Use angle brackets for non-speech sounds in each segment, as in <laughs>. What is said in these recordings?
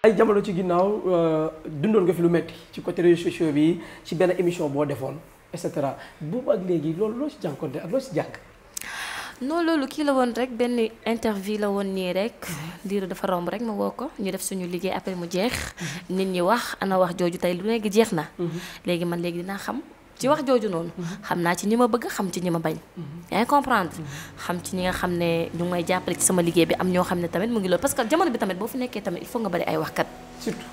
ay jamono ci ginnaaw euh, dundoon nga fi lu metti ci côté réseaux sociaux bi ci benn émission boo defoon et cetera boobu ak léegi loolu loo ci jànkonte ak loo ci jàng. non loolu kii la woon rek benn interview la woon nii rek mhm. diiru dafa romb rek ma woo ko ñu def suñu liggéey après mu jeex. Mhm. nit ñi wax ana wax jooju tey lu nekk jeex na. Mhm. léegi man léegi dinaa xam. ci wax jooju noonu xam naa ci ñi ma bëgg xam ci ñi ma bañ yaa ngi comprendre xam ci ñi nga xam ne ñu ngi may jàppale ci sama liggéey bi am ñoo xam ne tamit mu ngi loolu parce que jamono bi tamit boo fi nekkee tamit il faut nga bari ay waxkat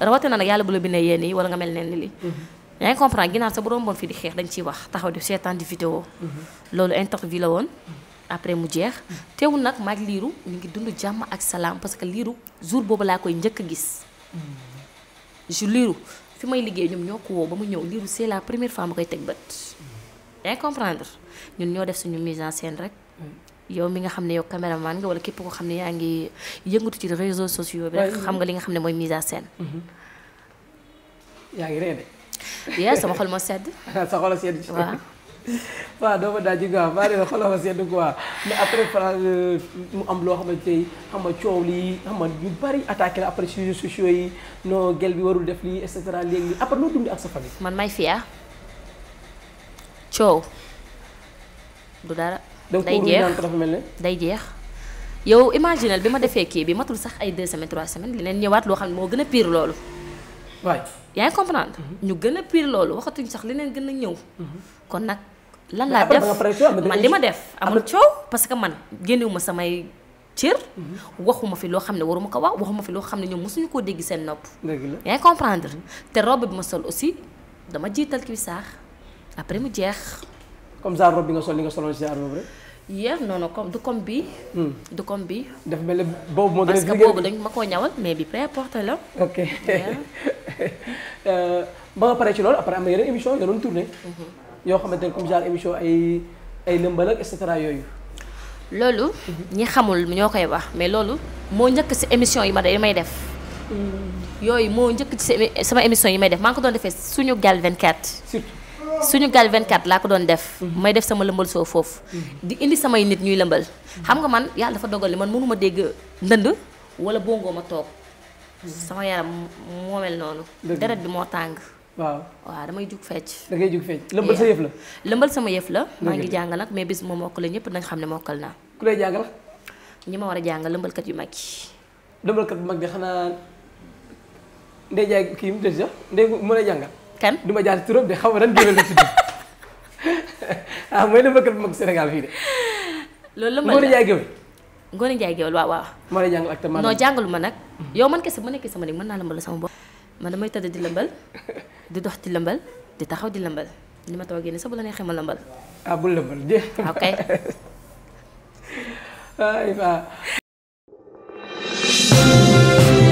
rawatina nag yàlla bu la bindee yéen yi wala nga mel neen li mm-hmm. yaa ngi comprendre ginnaaw sa bu romboon fii di xeex dañ ciy wax taxaw di seetaan di vidéo mm-hmm. loolu interview la woon mm-hmm. après mu jeex teewul nag maag liiru ñu ngi dund jàmm ak salaam parce que liiru jour boobu laa koy njëkk gis ju fi may liggéey ñoom ñoo ko woo ba mu ñëw liiru c'est la première fois ma koy teg bët. yaa comprendre ñun ñoo def suñu mise en scène rek. yow mi nga xam ne yow caméraman nga wala képp ko xam ne yaa ngi yëngatu ci réseaux sociaux bi rek xam nga li nga xam ne mooy mise en scène. Mhm. yaa ngi ree de. yaa sama xol moo sedd. <laughs> sa xol sedd. waaw. waaw doo ma daal ji quoi maa ngi leen mais après euh, mu am loo xamante ni xam nga coow lii xam nga ñu bari attaqué la après réseaux sociaux yi non gel bi warul def lii et cetera léegi après noo dund ak sa famille. man may fiya coow du dara. day jeex donc mel ne. day jeex yow imaginel bi ma defee kii bi matul sax ay 2 semaines semaine semaines leneen ñëwaat loo xam ne moo gën a piir loolu. waay yaa ngi mhm. ñu gën a piir loolu waxatuñ sax leneen gën a ñëw. Mhm. kon nag. lan laa def man li ma def amul coow parce que man génnewuma samay cër mhm. waxuma fi loo xam ne waruma ko wax waxuma fi loo xam ne ñoom mosuñu koo dégg seen nopp yaa ngi comprendre te robe bi ma sol aussi dama jiital kii saax après mu jeex comme ça robe bi nga sol li nga soloon si robe rek yéer non non comme du comme bi hmm. du comme bi daf mel ne boobu moo parce que boobu dañ ma koo ñawal mais bi près à la ok <laughs> euh, ba nga pare ci loolu après am na yoo xam ne comme genre ay ay lëmbal ak yooyu. loolu ñi xamul ñoo koy wax mais loolu moo njëkk si yi ma day may def mm. yooyu moo njëkk ci sama émission yi may def maa ngi ko doon defee suñu gal suñu gal 24 laa ko doon def. Mm-hmm. may def sama lëmbal soo foofu. Mm-hmm. di indi samay nit ñuy lëmbal. Mm-hmm. xam man yàlla dafa dogal li man mënuma dégg ndënd wala bongo ma toog. sama yaram moo noonu. deret bi moo tàng. waaw waaw damay jug fecc da ngay fecc lëmbal sa yëf la lëmbal sama yëf la maa ngi jàng nag mais bis bu ma mokkale ñëpp nañ xam ne mokkal naa ku lay jàngal ñi ma war a jàngal lëmbalkat yu mag yi lëmbalkat bu mag bi kii mu mu lay jàngal kan du ma jaar turam de xaw ma ren géwél la tudd <laughs> ah mooy bu mag Sénégal fii de loolu lëmbal la Ngoné Ndiaye Géwél Ngoné Ndiaye Géwél waaw waaw moo lay jàngal ak tamit non jàngalu ma nag yow man kese ma nekkee sama néeg mën naa lëmbal sama bopp man damay tëdd di lëmbal <laughs> di dox di lëmbal di taxaw di lëmbal li ma toogee nii sax bu la neexee ma lëmbal. ah bu lëmbal jeex. ok. <laughs> ay